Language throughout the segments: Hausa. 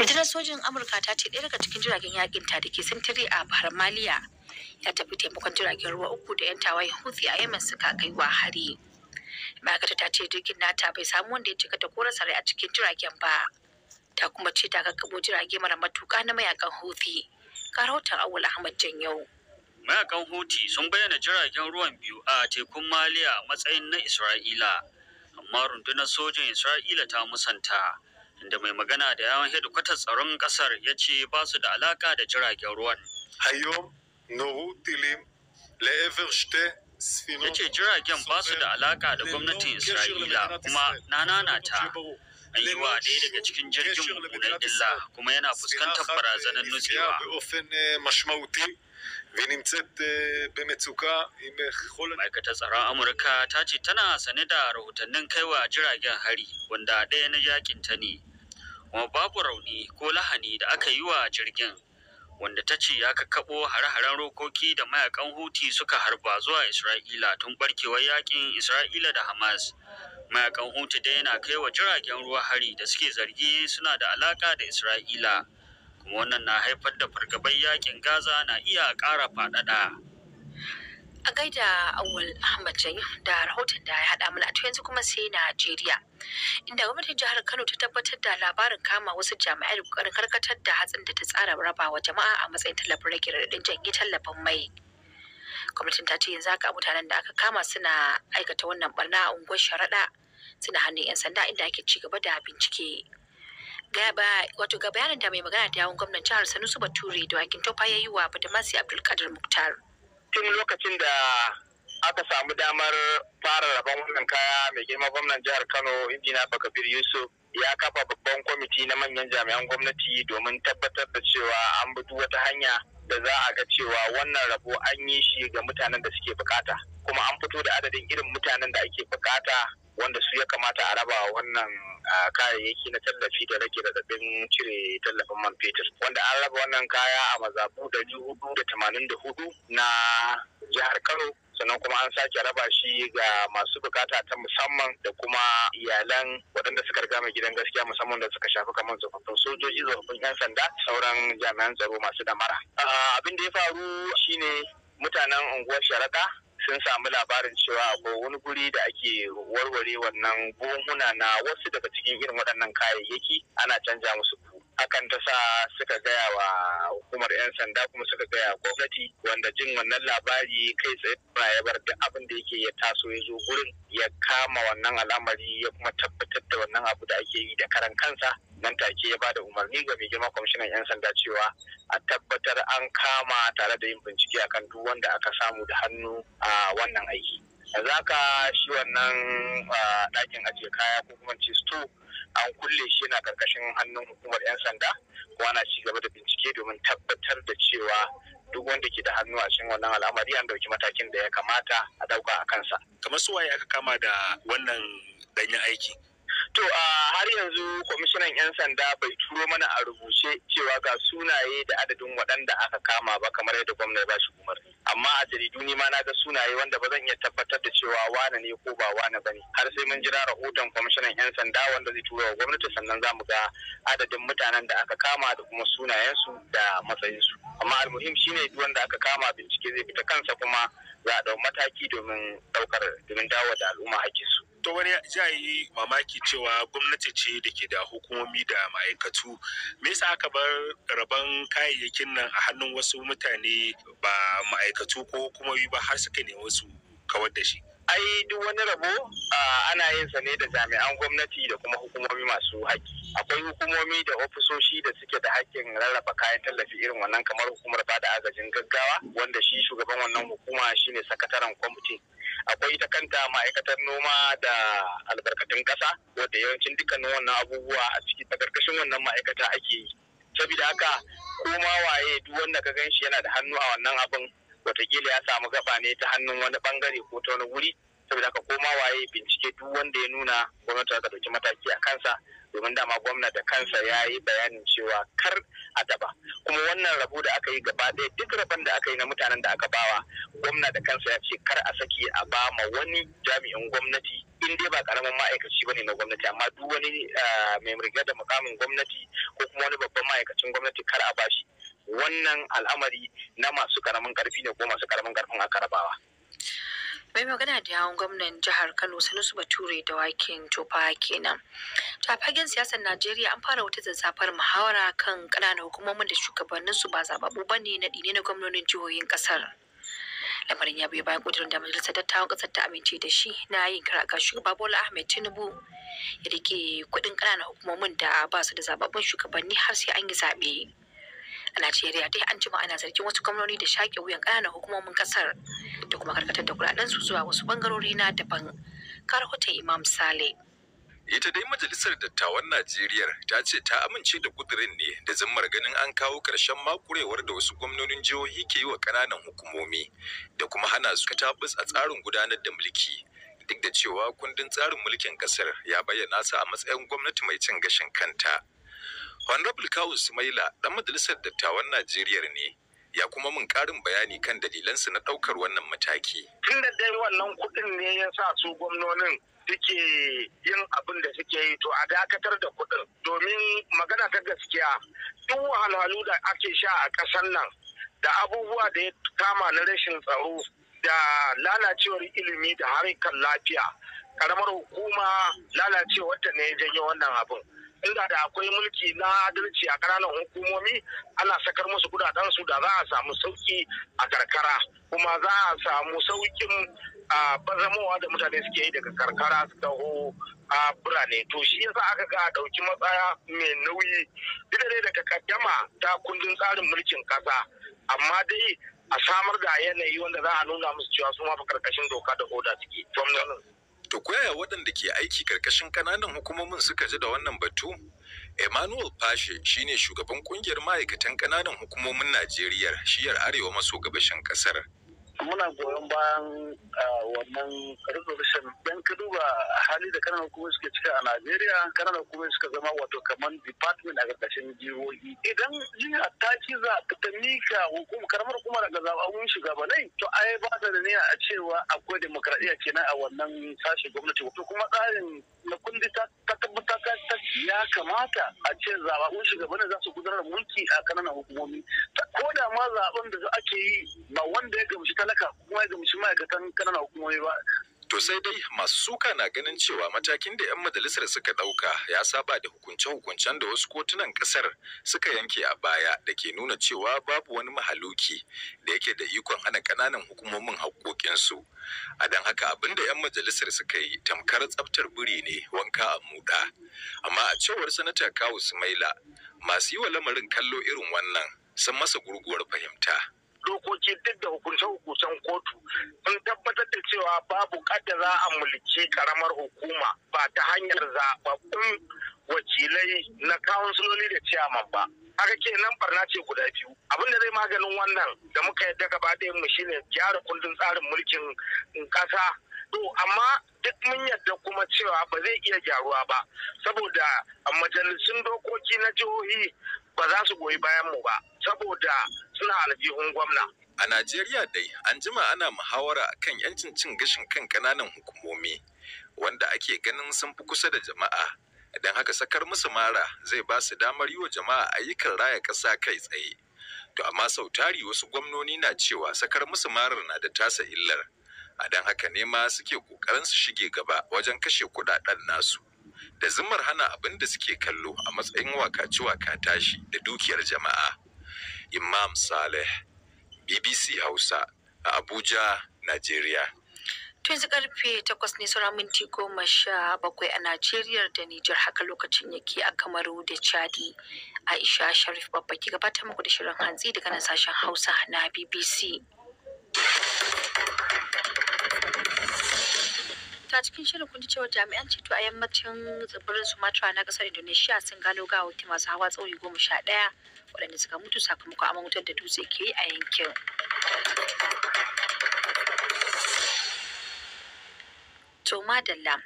rundunar sojin amurka ta ce ɗaya daga cikin jiragen yakin ta da ke sintiri a bahar maliya ya tafi taimakon jiragen ruwa uku da 'yan tawayen houthi a yemen suka kai wa hari ma'aikata ta ce jirgin nata bai samu wanda ya cika ta kora sarai a cikin jiragen ba ta kuma ce ta kakkabo jirage mara matuka na mayakan houthi karautar rahoton awul ahmad janyau mayakan houthi sun bayyana jiragen ruwan biyu a tekun maliya matsayin na isra'ila amma rundunar sojin isra'ila ta musanta inda mai magana da yawon hedikwatar tsaron kasar ya ce ba su da alaka da jiragen ruwan. Hayom, Tilim, ya ce jiragen ba su da alaka da gwamnatin Isra'ila kuma na nanata an yi wa ɗaya daga cikin jirgin mummunan illa kuma yana fuskantar barazanar nutsewa. Eh, eh, ma'aikatar tsaron amurka ta ce tana sane da rahotannin kaiwa jiragen hari wanda ɗaya na yakin ta ne kuma babu rauni ko lahani da aka yi wa jirgin wanda ta ce ya kakkaɓo hare-haren rokoki da mayakan huti suka harba zuwa isra'ila tun barkewar yakin isra'ila da hamas mayakan huti dai yana kai wa jiragen ruwa hari da suke zargi suna da alaka da isra'ila kuma wannan na haifar da fargabar yakin gaza na iya ƙara faɗaɗa a gaida awal ahmad jai da rahoton da ya hada mana a yanzu kuma sai najeriya inda gwamnatin jihar kano ta tabbatar da labarin kama wasu jami'ai da kokarin karkatar da hatsin da ta tsara rabawa jama'a a matsayin tallafin rage raɗaɗin janye tallafin mai gwamnatin ta ce yanzu haka mutanen da aka kama suna aikata wannan barna a unguwar sharaɗa suna hannun 'yan sanda inda ake ci gaba da bincike wato ga bayanin da mai magana da yawon gwamnan jihar Sanusu bature da wakin tofa ya yi wa sai abdulkadir muktar tun lokacin da aka samu damar fara rabon wannan kaya mai girma gwamnan jihar kano injina bakabir yusuf ya kafa babban kwamiti na manyan jami'an gwamnati domin tabbatar da cewa an bi wata hanya da za a ga cewa wannan rabo an yi shi ga mutanen da suke bukata kuma an fito da adadin irin mutanen da ake bukata wanda su ya kamata a raba wannan kayayyaki na tallafi da rage radadin cire tallafin man fetur wanda an raba wannan kaya a mazabu ɗari hudu da tamanin da hudu na jihar kano sannan kuma an sake raba shi ga masu bukata ta musamman da kuma iyalan waɗanda suka riga mai gidan gaskiya musamman da suka shafi kamar tsofaffin sojoji tsofaffin 'yan sanda sauran jami'an tsaro masu damara ah, abin da ya faru shine mutanen unguwar sharaɗa sun samu labarin cewa akwai wani guri da ake warware wannan buhuna na wasu daga cikin irin waɗannan kayayyaki ana canja musu ku hakan ta sa suka gaya wa hukumar 'yan sanda kuma suka gaya gwamnati wanda jin wannan labari kai tsaye ba ya bar da abin da yake ya taso ya zo gurin ya kama wannan al'amari ya kuma tabbatar da wannan abu da ake yi da karan kansa nan take ya bada umarni ga mai girma kwamishinan 'yan sanda cewa a tabbatar an kama tare da yin bincike akan duk wanda aka samu da hannu a wannan aiki yanzu haka shi wannan ɗakin ajiye kaya ko kuma ce an kulle shi yana karkashin hannun hukumar 'yan sanda ko ana ci gaba da bincike domin tabbatar da cewa duk wanda ke da hannu a cikin wannan al'amari an dauki matakin da ya kamata a dauka a kansa kamar su aka kama da wannan danyen aiki To a har yanzu kwamishinan 'yan sanda bai turo mana a rubuce cewa ga sunaye da adadin waɗanda aka kama ba kamar yadda gwamnati ba shi umarni. Amma a jaridu ni ma na ga sunaye wanda ba zan iya tabbatar da cewa wane ne ko ba wane ba ne. Har sai mun jira rahoton kwamishinan 'yan sanda wanda zai turo wa gwamnati sannan za mu ga adadin mutanen da aka kama da kuma sunayensu da matsayinsu. Amma almuhim shine duk wanda aka kama bincike zai fita kansa kuma za a mataki domin ɗaukar domin dawo da al'umma hakkinsu. to wani za yi mamaki cewa gwamnati ce da ke da hukumomi da ma'aikatu me yasa aka bar rabon kayayyakin nan a hannun wasu mutane ba ma'aikatu ko hukumomi ba har suka ne wasu kawar da shi ai duk wani rabo ah, ana yin sa ne da jami'an gwamnati da kuma hukumomi masu haƙƙi akwai hukumomi da ofisoshi da suke da hakkin rarraba kayan tallafi irin wannan kamar hukumar bada agajin gaggawa wanda shi shugaban wannan hukuma shine sakataren kwamiti akwai ita kanta ma'aikatar noma da albarkatun ƙasa wadda yawancin dukkanin wannan abubuwa a ciki ta karkashin wannan ma'aikata ake yi saboda haka koma waye duk wanda ka gan shi yana da hannu a wannan abin Wataƙila ya samu gaba ne ta hannun wani bangare ko ta wani wuri saboda haka ma waye bincike duk wanda ya nuna gwamnati ta ɗauki mataki a kansa domin dama gwamna da kansa ya yi bayanin cewa kar a daba kuma wannan rabu da aka yi gaba ɗaya duk rabon da aka yi na mutanen da aka bawa gwamna da kansa ya ce kar a saki a ba ma wani jami'in gwamnati in dai ba karamin ma'aikaci bane na gwamnati amma duk wani eh, mai riga da mukamin gwamnati ko kuma wani babban ma'aikacin gwamnati kar a bashi wannan al'amari na masu karamin karfi ne ko masu karamin karfin aka rabawa. mai magana da yawon gwamnan jihar kano sanusu bature da wakin tofa kenan ta fagen siyasar najeriya an fara wata zazzafar muhawara kan ƙananan hukumomin da shugabanninsu ba zababu ba ne na ɗine na gwamnonin jihohin ƙasar lamarin ya biyo bayan kudurin da majalisar dattawan kasar ta amince da shi na yin kira ga shugaba bola ahmed tinubu ya rike kudin kananan hukumomin da ba su da zababbun shugabanni har sai an yi zaɓe a Najeriya dai an jima ana zargin wasu gwamnoni da shaƙe wuyan ƙananan hukumomin ƙasar da kuma karkatar da kuɗaɗen su zuwa wasu ɓangarori na daban. Karhuta Imam Sale. Ita dai Majalisar Dattawan Najeriya ta ce ta amince da kudirin ne da zimmar ganin an kawo ƙarshen makurewar da wasu gwamnonin jihohi ke yi wa ƙananan hukumomi da kuma hana su tabbas a tsarin gudanar da mulki. Duk da cewa kundin tsarin mulkin ƙasar ya bayyana sa a matsayin gwamnati mai cin gashin kanta. Honorable Kawu Sumaila dan majalisar dattawan Najeriya ne ya kuma mun ƙarin bayani kan dalilansu na ɗaukar wannan mataki. Tun da dai wannan kuɗin ne ya sa su gwamnonin suke yin abin da suke yi to a dakatar da kuɗin domin magana ta gaskiya duk wahalhalu da ake sha a ƙasar nan da abubuwa da ya kama na rashin tsaro da lalacewar ilimi da harkar lafiya ƙaramar hukuma lalacewar ta ne ya janyo wannan abin. inda da akwai mulki na adalci a ƙananan hukumomi ana sakar musu kudaden su da za a samu sauki a karkara kuma za a samu saukin bazamowa da mutane suke yi daga karkara su taho a birane to shi yasa aka ga dauki matsaya mai nauyi duk da daga kaddama ta kundin tsarin mulkin kasa amma dai a samar da yanayi wanda za a nuna musu cewa su ma fa karkashin doka da oda suke To koyaya waɗanda ke aiki karkashin ƙananan hukumomin suka ji da wannan batu? Emmanuel pashe shine shugaban ƙungiyar ma'aikatan ƙananan hukumomin Najeriya shiyar arewa maso gabashin ƙasar. muna goyon bayan wannan resolution don ka duba hali da kanan hukumomi suke cika a Najeriya kanan hukumomi suka zama wato kamar department a ƙarƙashin jihohi e. idan jiha ta ci za ta mika hukuma, karamar kuma ga zaɓaɓɓun shugabanai to ai ba da niyya a cewa akwai demokradiyya kenan a wannan sashe gwamnati to kuma tsarin na kundi ta tabbata ta ya kamata a ce zaɓaɓɓun shugabanai za su gudanar mulki a kananan hukumomi ko da ma zaɓen da ake yi ba wanda ya gamshi halaka kuma ga gamshi ma'aikatan kananan hukumomi ba To sai dai masu suka na ganin cewa matakin da 'yan majalisar suka ɗauka ya saba da hukunce-hukuncen da wasu kotunan ƙasar suka yanke a baya da ke nuna cewa babu wani mahaluki da yake da ikon hana ƙananan hukumomin haƙoƙinsu. A don haka abin da 'yan majalisar suka yi tamkar tsaftar biri ne wanka a muɗa. Amma a cewar sanata Kawu Sumaila masu yi wa lamarin kallo irin wannan sun masa gurguwar fahimta. dokoki duk da hukunce-hukuncen kotu sun tabbatar da cewa babu kada za a mulki karamar hukuma ba ta hanyar zababbun wakilai na kansuloli da ciyaman ba haka kenan barna ce guda biyu abinda zai maganin wannan da muka yadda gaba ɗayan mu shine gyara kundin tsarin mulkin ƙasa to amma duk mun yadda kuma cewa ba zai iya gyaruwa ba saboda a majalisun dokoki na jihohi ba za su goyi bayan mu ba saboda suna alfihun gwamna. A Najeriya dai an jima ana muhawara kan yancin cin gashin kan kananan hukumomi wanda ake ganin sun fi kusa da jama'a. Don haka sakar musu mara zai ba su damar yi wa jama'a ayyukan raya ƙasa kai tsaye. To amma sau tari wasu gwamnoni na cewa sakar musu marar na da tasa illar. A don haka ne ma suke ƙoƙarin su shige gaba wajen kashe kuɗaɗen nasu. Da zimmar hana abin da suke kallo a matsayin wakaci waka tashi da dukiyar jama'a. Imam Saleh, BBC Hausa a Abuja, Najeriya. Tun yanzu karfe takwas ne sauran minti goma sha bakwai a Najeriya da Nijar haka lokacin yake a Kamaru da Chadi. Aisha Sharif babba ki gabatar muku da shirin hantsi daga nan sashen Hausa na BBC. ta cikin shirin kun ji cewa jami'an ceto a yammacin tsibirin sumatra na kasar indonesia sun gano gawawaki masu hawa tsauri goma sha ɗaya waɗanda suka mutu sakamakon aman wutar da dutse ke yi a yankin Toma Dalla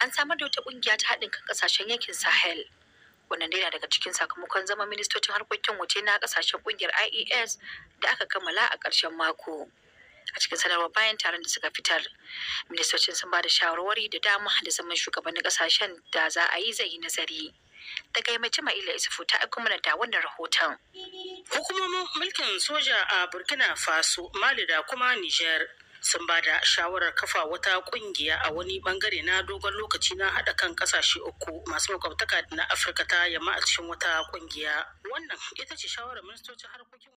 an samar da wata ƙungiya ta haɗin kan kasashen yankin sahel wannan dai daga cikin sakamakon zama ministocin harkokin waje na ƙasashen ƙungiyar ies da aka kammala a ƙarshen mako a cikin sanarwar bayan taron da suka fitar ministocin sun ba da shawarwari da dama da zaman shugabannin kasashen da za a yi zai yi nazari daga mace ma'ila isufu ta aiko mana da wannan rahoton hukumomin mulkin soja a burkina faso mali da kuma niger sun ba da shawarar kafa wata kungiya a wani bangare na dogon lokaci na haɗa kan ƙasashe uku masu makwabtaka na afirka ta yamma a cikin wata kungiya wannan ita ce shawarar ministocin harkokin